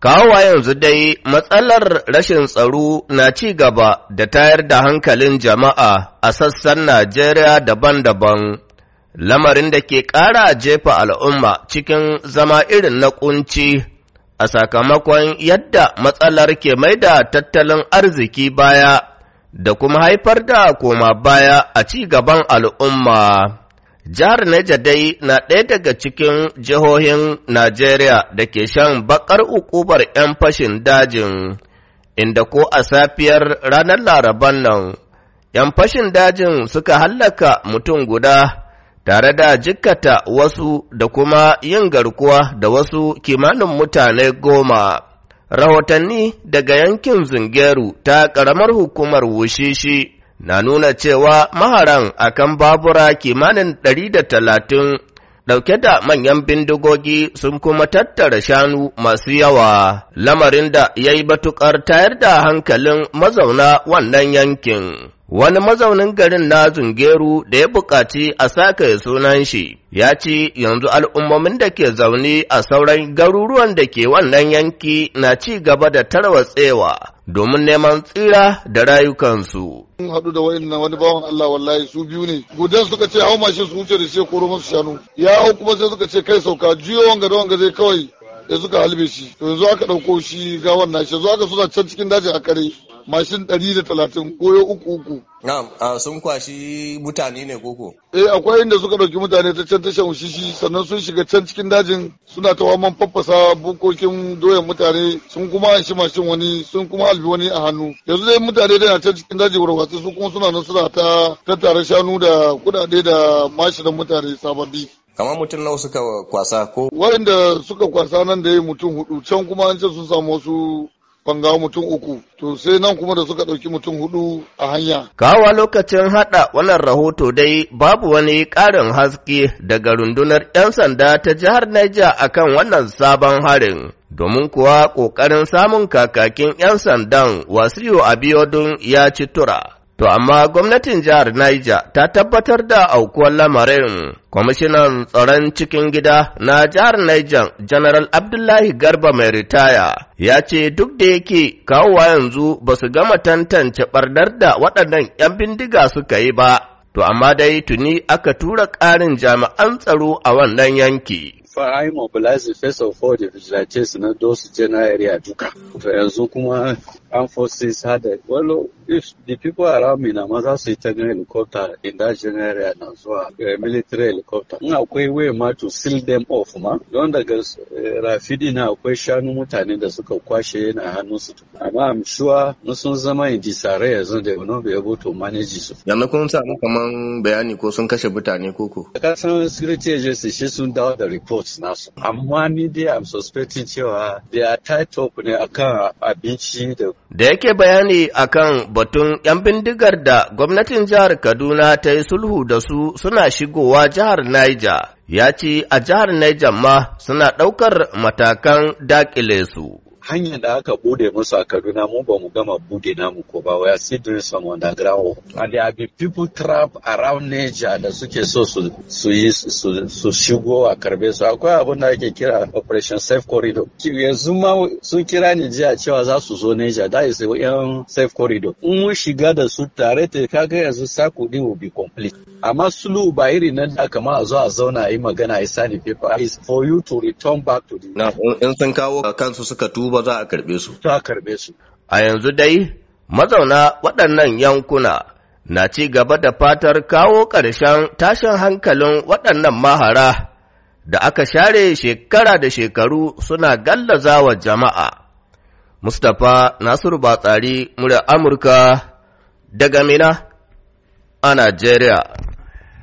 Kawowa yanzu dai matsalar rashin tsaro na ci gaba da tayar da hankalin jama'a a sassan Najeriya daban-daban, lamarin da ke ƙara jefa al'umma cikin zama irin na ƙunci a sakamakon yadda matsalar ke mai da tattalin arziki baya da kuma haifar da koma baya a ci gaban al'umma. Jihar Neja dai na ɗaya daga cikin jihohin Najeriya da ke shan bakar ukubar 'yan fashin dajin, inda ko a safiyar ranar Laraban nan, 'yan fashin dajin suka hallaka mutum guda tare da jikata wasu da kuma yin garkuwa da wasu kimanin mutane goma. Rahotanni daga yankin Zungeru ta ƙaramar hukumar Wushishi na nuna cewa maharan akan babura kimanin ɗari da talatin ɗauke da manyan bindigogi sun kuma tattara shanu masu yawa, lamarin da ya yi batukar tayar da hankalin mazauna wannan yankin. Wani mazaunin garin na Zungeru da ya buƙaci a sake sunan shi, ya ce yanzu al'ummomin da ke zaune a sauran garuruwan da ke wannan yanki na ci gaba da tsewa domin neman tsira da rayukansu. Mun haɗu da wa'in wani bawan Allah wallahi su biyu ne. Gudan suka ce hau mashin su wuce da shi koro masu shanu. Ya hau kuma sai suka ce kai sauka juyo wanga da wanga zai kawai ya suka halbe shi. To yanzu aka ɗauko shi ga wannan shi yanzu aka suna can cikin dajin a kare. mashin ɗari da ko ya uku uku. Na sun kwashi mutane ne koko? Eh, akwai inda suka ɗauki mutane ta can tashan shishi sannan sun shiga can cikin dajin suna ta waman faffasa bukokin doyan mutane sun kuma an shi mashin wani sun kuma albi wani a hannu. Yanzu dai mutane na can cikin daji warwatsu su kuma suna nan suna ta tattara shanu da kuɗaɗe da mashinan mutane sababbi. kamar mutum nawa suka kwasa ko wa'inda suka kwasa nan da ya mutum hudu can kuma an ce sun samu wasu bangawa mutum uku to sai nan kuma da suka ɗauki mutum hudu a hanya. Kawa lokacin haɗa wannan rahoto dai babu wani ƙarin haske daga rundunar 'yan sanda ta jihar Niger akan wannan sabon harin. domin kuwa ƙoƙarin samun kakakin 'yan sandan wasiyo abiodun ya ci tura. To amma gwamnatin jihar Niger ta tabbatar da aukuwar lamarin. Kwamishinan tsaron cikin gida na jihar Niger, General Abdullahi Garba mai ritaya, ya ce duk da yake kawowa yanzu ba su gama tantance ɓarnar da waɗannan 'yan bindiga suka yi ba, to amma dai tuni aka tura ƙarin jami'an tsaro a wannan yanki. Fa mobilizing first of all the vigilantes na those general area duka to yanzu kuma an forces hada well if the people around me na ma za su yi ta helicopter in that general area na zuwa eh, military helicopter in akwai way ma to seal them off ma don daga eh, rafidi na akwai shanu mutane da suka kwashe yana hannun su amma i'm sure sun zama in disarray yanzu da will be able to manage su yanzu kun samu kaman bayani ko sun kashe mutane koko kasan security agency shi sun dawo da report nasu amma ni dai am suspecting cewa da tied up ne akan abinci da da yake bayani akan batun yan bindigar da gwamnatin jihar Kaduna ta yi sulhu da su suna shigowa jihar Niger ya ce a jihar Niger ma suna ɗaukar matakan dakile su hanyar da aka bude musu a Kaduna mu ba mu gama bude namu ko ba we are still doing some underground and there be people trap around Niger da suke so su su yi su shigo a karbe su akwai abin da ake kira operation safe corridor yanzu ma sun kira ni jiya cewa za su zo Niger da is yan safe corridor in mun shiga da su tare ta kaga yanzu din will be complete amma sulu ba iri nan da kamar a zo a zauna a yi magana a yi sani paper is for you to return back to the na in sun kawo kansu suka tuba za a karbe su? Za a karbe su. A yanzu dai, mazauna waɗannan yankuna na ci gaba da fatar kawo ƙarshen tashin hankalin waɗannan mahara da aka share shekara da shekaru suna gallaza wa jama'a. Mustapha Nasiru Batsari, murar Amurka, daga Mina a Najeriya.